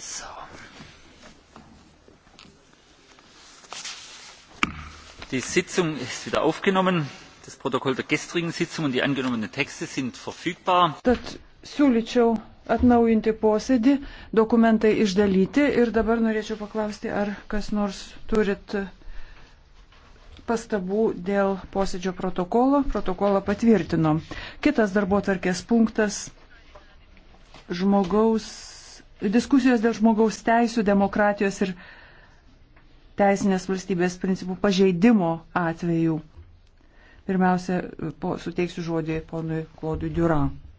So. Die Sitzung ist wieder aufgenommen. Das Protokoll der gestrigen Sitzung und die angenommenen Texte sind verfügbar. Tad siūlyčiau atnaujinti posėdį, dokumentai išdalyti ir dabar norėčiau paklausti, ar kas nors turit pastabų dėl posėdžio protokolo. Protokolą patvirtino. Kitas darbo tvarkės punktas - žmogaus diskusijos dėl žmogaus teisų, demokratijos ir teisinės valstybės principų pažeidimo atveju. Pirmiausia, po, suteiksiu žodį ponui Klodui Durand.